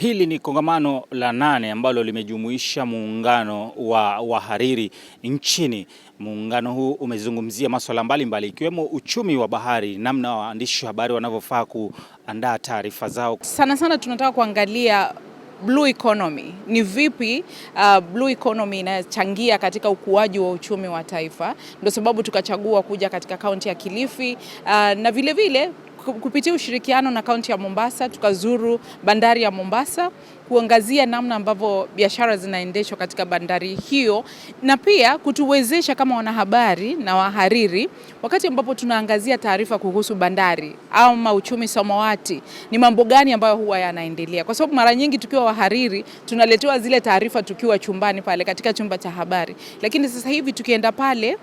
Hili ni kongamano la nane ambalo limejumuisha muungano wa wahariri nchini. Muungano huu umezungumzia masuala mbalimbali ikiwemo uchumi wa bahari, namna waandishi wa habari wanavyofaa kuandaa taarifa zao. Sana sana tunataka kuangalia blue economy ni vipi? Uh, blue economy inachangia katika ukuaji wa uchumi wa taifa, ndio sababu tukachagua kuja katika kaunti ya Kilifi uh, na vilevile vile, kupitia ushirikiano na kaunti ya Mombasa tukazuru bandari ya Mombasa kuangazia namna ambavyo biashara zinaendeshwa katika bandari hiyo, na pia kutuwezesha kama wanahabari na wahariri, wakati ambapo tunaangazia taarifa kuhusu bandari ama uchumi samawati, ni mambo gani ambayo huwa yanaendelea, kwa sababu mara nyingi tukiwa wahariri tunaletewa zile taarifa tukiwa chumbani pale katika chumba cha habari, lakini sasa hivi tukienda pale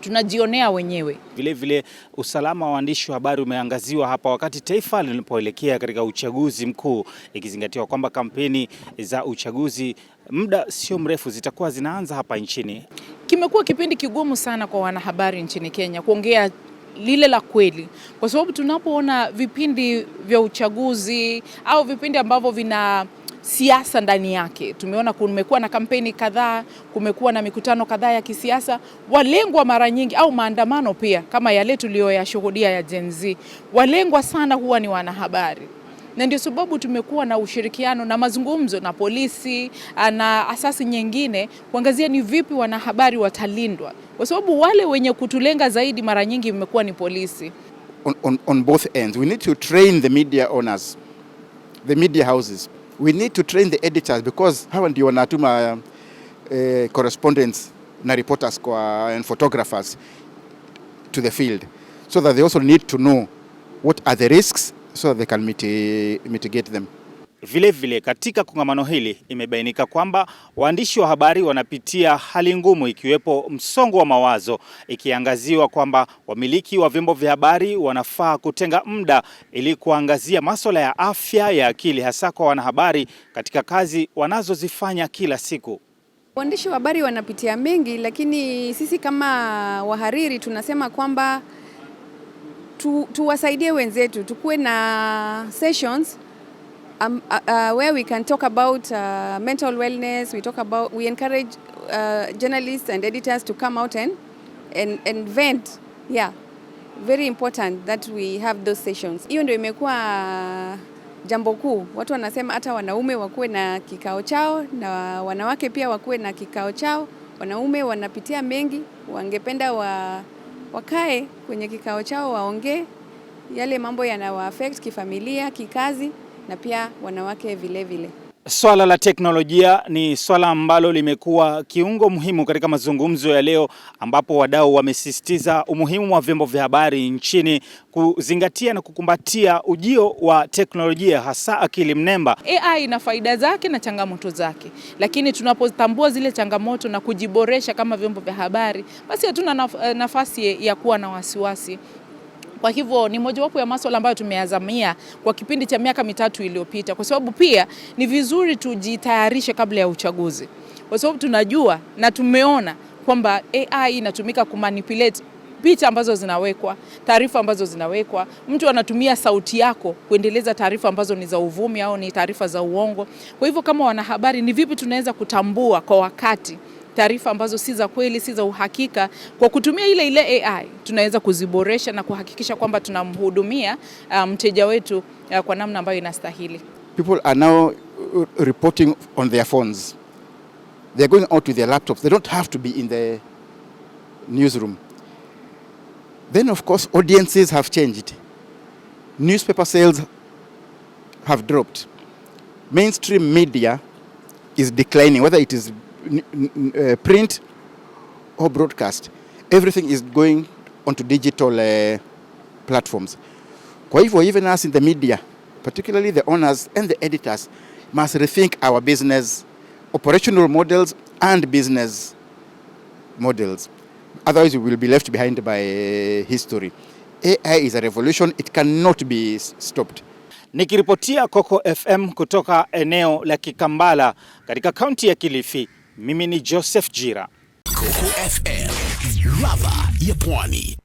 tunajionea wenyewe. Vilevile usalama wa waandishi wa habari umeangaziwa hapa wakati taifa linapoelekea katika uchaguzi mkuu, ikizingatiwa kwamba kampeni za uchaguzi muda sio mrefu zitakuwa zinaanza hapa nchini. Kimekuwa kipindi kigumu sana kwa wanahabari nchini Kenya kuongea lile la kweli, kwa sababu tunapoona vipindi vya uchaguzi au vipindi ambavyo vina siasa ndani yake. Tumeona kumekuwa na kampeni kadhaa, kumekuwa na mikutano kadhaa ya kisiasa, walengwa mara nyingi au maandamano pia kama yale tuliyoyashuhudia ya Gen Z, walengwa sana huwa ni wanahabari na ndio sababu tumekuwa na ushirikiano na mazungumzo na polisi ah, na asasi nyingine kuangazia ni vipi wanahabari watalindwa, kwa sababu wale wenye kutulenga zaidi mara nyingi imekuwa ni polisi. On, on, on both ends we need to train the media owners, the media houses we need to train the editors because hawa ndio wanatuma uh, correspondents na reporters kwa and photographers to the field so that they also need to know what are the risks so that they can mitigate them Vilevile vile, katika kongamano hili imebainika kwamba waandishi wa habari wanapitia hali ngumu ikiwepo msongo wa mawazo, ikiangaziwa kwamba wamiliki wa vyombo vya habari wanafaa kutenga muda ili kuangazia masuala ya afya ya akili, hasa kwa wanahabari katika kazi wanazozifanya kila siku. Waandishi wa habari wanapitia mengi, lakini sisi kama wahariri tunasema kwamba tu, tuwasaidie wenzetu, tukuwe na sessions Um, uh, uh, where we can talk about uh, mental wellness. We talk about we encourage uh, journalists and editors to come out and and, and vent. Yeah, very important that we have those sessions. Hiyo ndio imekuwa jambo kuu. Watu wanasema hata wanaume wakuwe na kikao chao na wanawake pia wakuwe na kikao chao. Wanaume wanapitia mengi, wangependa wa, wakae kwenye kikao chao waongee yale mambo yanawa affect kifamilia, kikazi na pia wanawake vilevile vile. Swala la teknolojia ni swala ambalo limekuwa kiungo muhimu katika mazungumzo ya leo, ambapo wadau wamesisitiza umuhimu wa vyombo vya habari nchini kuzingatia na kukumbatia ujio wa teknolojia, hasa akili mnemba. AI ina faida zake na changamoto zake, lakini tunapotambua zile changamoto na kujiboresha kama vyombo vya habari, basi hatuna nafasi ya kuwa na wasiwasi kwa hivyo ni mojawapo ya masuala ambayo tumeazamia kwa kipindi cha miaka mitatu iliyopita, kwa sababu pia ni vizuri tujitayarishe kabla ya uchaguzi, kwa sababu tunajua na tumeona kwamba AI inatumika kumanipulate picha ambazo zinawekwa, taarifa ambazo zinawekwa. Mtu anatumia sauti yako kuendeleza taarifa ambazo ni za uvumi au ni taarifa za uongo. Kwa hivyo, kama wanahabari, ni vipi tunaweza kutambua kwa wakati taarifa ambazo si za kweli, si za uhakika, kwa kutumia ile ile AI tunaweza kuziboresha na kuhakikisha kwamba tunamhudumia uh, mteja um, wetu uh, kwa namna ambayo inastahili. People are now uh, reporting on their phones. They are going out to their laptops. They don't have to be in the newsroom. Then of course audiences have changed. Newspaper sales have dropped. Mainstream media is declining, whether it is Uh, print or broadcast, everything is going onto digital uh, platforms. Kwa hivyo even us in the media, particularly the owners and the editors must rethink our business operational models and business models. Otherwise, we will be left behind by uh, history. AI is a revolution, it cannot be stopped. Nikiripotia Coco FM kutoka eneo la Kikambala katika kaunti ya Kilifi. Mimi ni Joseph Jira, Coco FM, ladha ya Pwani.